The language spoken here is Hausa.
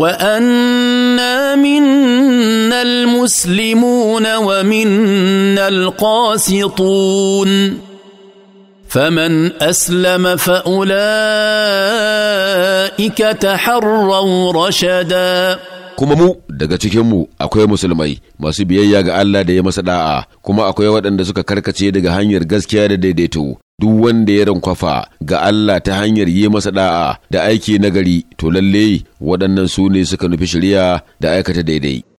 وانا منا المسلمون ومنا القاسطون فمن اسلم فاولئك تحروا رشدا kuma mu daga cikinmu akwai musulmai masu biyayya ga Allah da ya masa da'a kuma akwai waɗanda suka karkace daga hanyar gaskiya da daidaito duk wanda ya rankwafa ga Allah ta hanyar yi masa da'a da aiki nagari to lalle waɗannan su ne suka nufi shari'a da aikata daidai